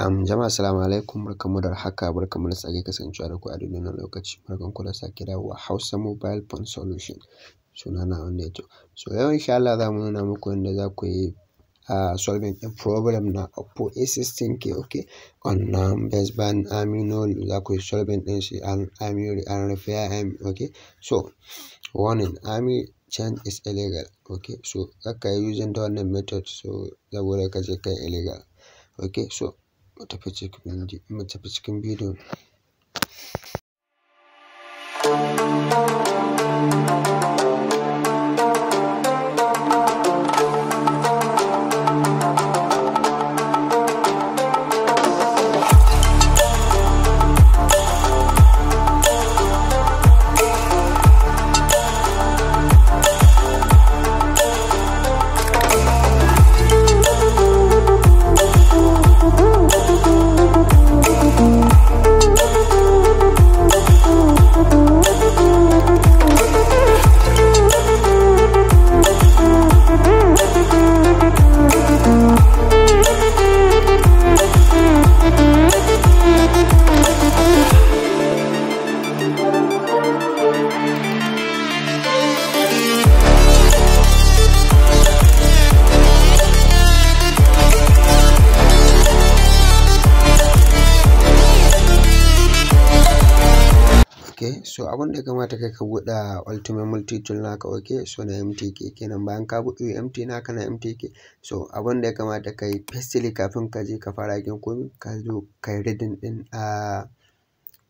Um, jama'a salamu alaikum barkamu da haka barkamu da sake kasancewa da ku a duniyar lokaci barkan ku da sake dawowa Hausa Mobile Phone Solution sunana wanda ya so yau insha Allah za mu nuna muku yadda za ku yi solving a problem na Oppo A16K okay on best band amino za ku yi solving din shi an amiri an repair am okay so warning ami chain is illegal okay so kakka yi using da wannan method so saboda ka je kai illegal okay so mu tafi cikin bidiyon. ok so abin da kamata kai ka buɗe ultimate multi tool naka ok so na mtk kenan bayan ka buɗe mt naka na mtk so abin da ya kamata kai fastly kafin ka je ka fara gin komi ka zo kai reading din a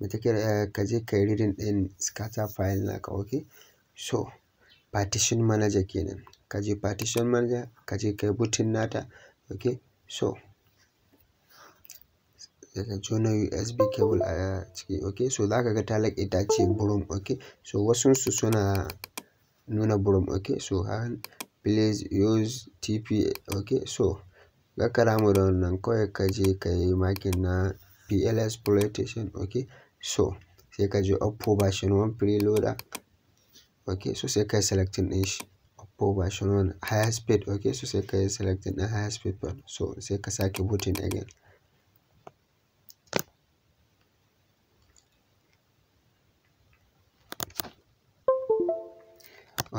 me take eh, ka je kai reading din scatter file naka ok so partition manager kenan ka je partition manager ka je kai button nata ok so daga jona usb cable a ciki ok so za ka ga ta laƙe ta ce broom ok so wasunsu suna nuna broom ok so please use tp ok so kara mu da wannan kawai ka je ka yi makin na pls playstation ok so sai ka je oppo version 1 preloader ok so sai ka yi selecting ɗin shi Oppo version 1 higher speed ok so sai ka yi selecting din higher speed so sai ka sake booting again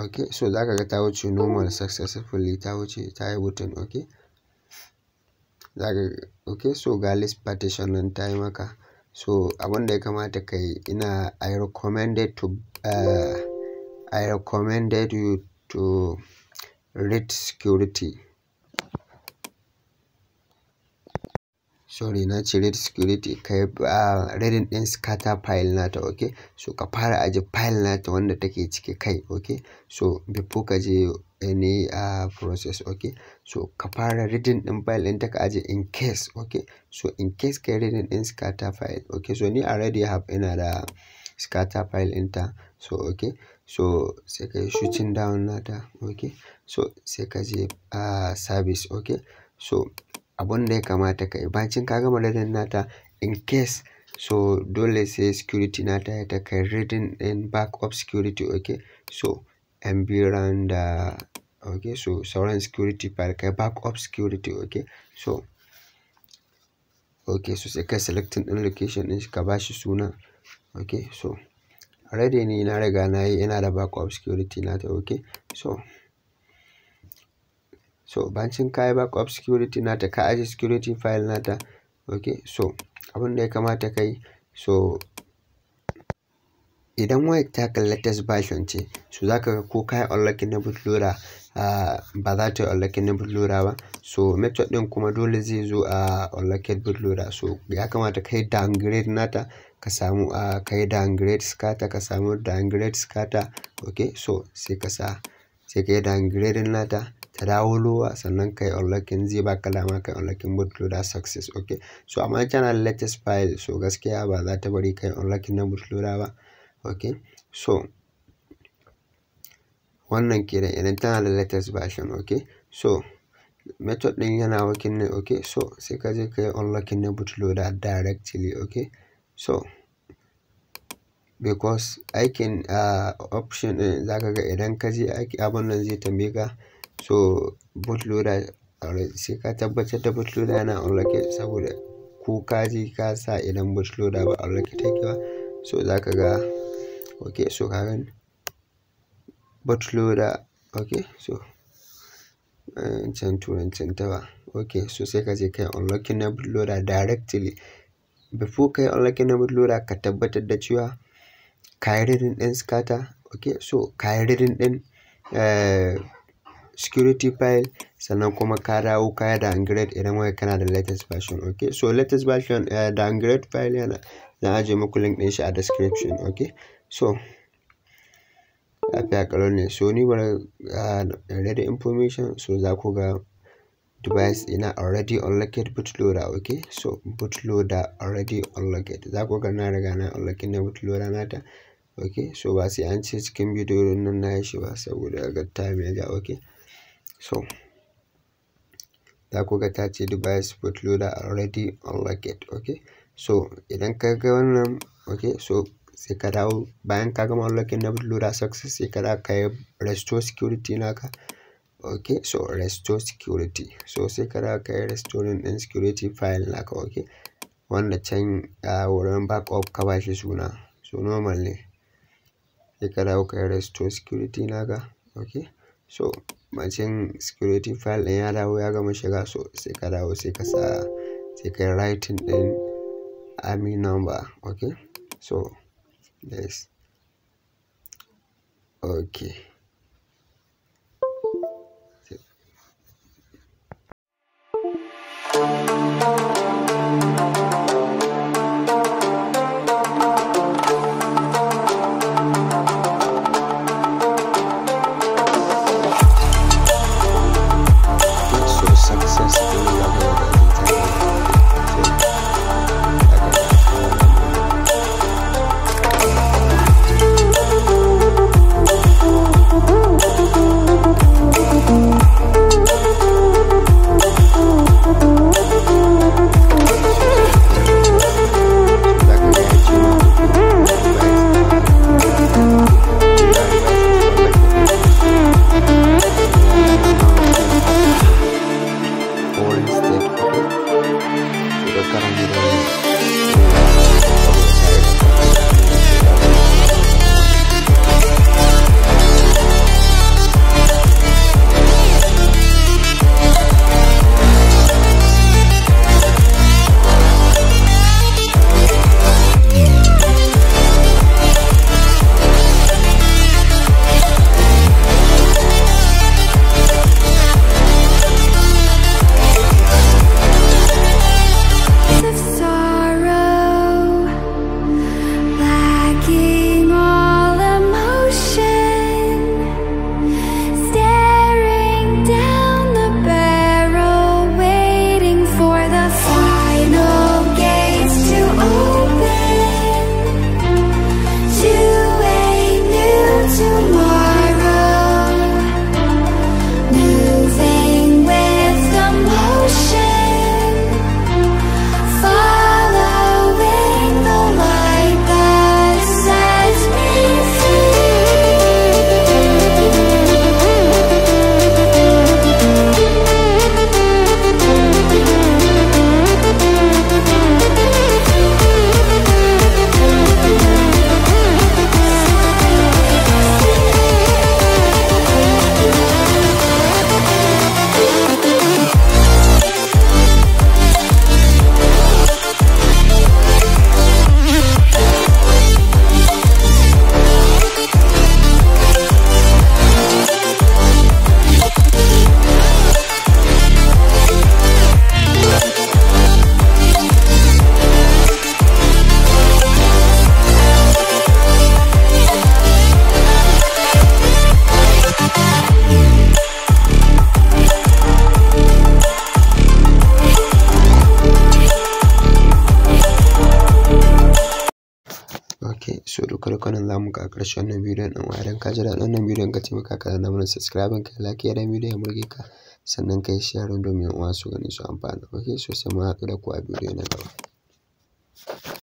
ok so za ka ga ta wuce normal successfully ta wuce ta yi button ok za ka ok so ga list partition nan ta yi maka so abinda ya kamata kayi ina i recommended to uh, i recommended you to read security sorry na ce read security ka yi reading ɗin scatter file nata ok so ka fara aje file nata wanda take ciki kai ok so before ka je any a process ok so ka fara reading ɗin file ɗin ka aje in case ok so in case ka yi reading ɗin scatter file ok so ni already have ina da scatter file ɗinta so ok so sai ka yi shooting down nata ok so sai ka je uh, service ok so abun da ya kamata ka yi bacin ka gama reading nata in case so dole sai security nata ya taka reading in back of security okay so mbrand da okay so sauran security file kai back of security okay so okay so sai kai selecting din location din ka bashi suna okay so ready ni na riga na yi ina da of security nata okay so so bacin kayi backup security nata ka aje security file nata ok so abin da ya kamata kai so idan wayar ta kan latest version ce so za ka ga ko kayi unlocking na bootloader ba za ta yi unlocking na lura ba so method ɗin kuma dole zai zo a unlocking lura so ya kamata kai yi downgrade nata ka samu a ka yi downgrade scatter ka samu downgrade scatter ok so sai ka sa sai ka yi downgrade nata ka dawo lower sannan kai unlocking zai baka dama kai unlocking loader success okay so amma kana da latest file so gaskiya ba za ta bari kai unlocking na loader ba okay so wannan kenan idan tana da latest version okay so method ɗin yana working ne okay so sai ka je ka yi unlocking na loader directly okay so because aikin uh, option ɗin zaka ga idan ka je aiki abin nan zai tambaye ka so bootloader sai ka tabbatar da loader yana on lock saboda ko ka ji ka sa idan loader ba on lock take ba so za ka ga ok so ka bot loader ok so eh, can turancin ta ba ok so sai ka je kai unlocking na loader directly before kai unlocking na loader ka tabbatar da cewa ka yi reading ɗin scatter ok so ka yi din ɗin eh, security file sannan kuma ka dawo ka yi downgrade idan wai kana da latest version ok so latest version uh, downgrade file yana na ajiye muku link din shi a description ok so lafiya kalo ne so ni bar uh, ah, ready information so za ku ga device ina already unlocked bootloader ok so bootloader already unlocked za ku ga na riga na unlocking na bootloader nata ok so ba sai an ce cikin bidiyo nan na yi shi ba saboda ga time ya ga ok So za ku ga ta ce device bootloader already unlocked okay so idan ka ga wannan okay so sai ka dawo bayan ka gama unlocking na bootloader success sai ka ka restore security naka okay so restore security so sai ka dawo ka yi restoring din security file naka okay wanda can a wurin backup ka ba shi suna so normally ne sai ka dawo ka restore security naka okay so Mashin security file ɗin ya dawo ya gama shiga so sai ka dawo sai ka sa sai ka yi writing ɗin army number okay so yes okay duka nan zamu ka ƙarshen wannan bidiyon ɗin idan ka ji daɗin wannan bidiyon ka taimaka ka danna mana subscribing ka like da bidiyon ya burge ka sannan kai yi share domin yan uwa su gani su amfana ok so sai mu haɗu da ku a bidiyo na gaba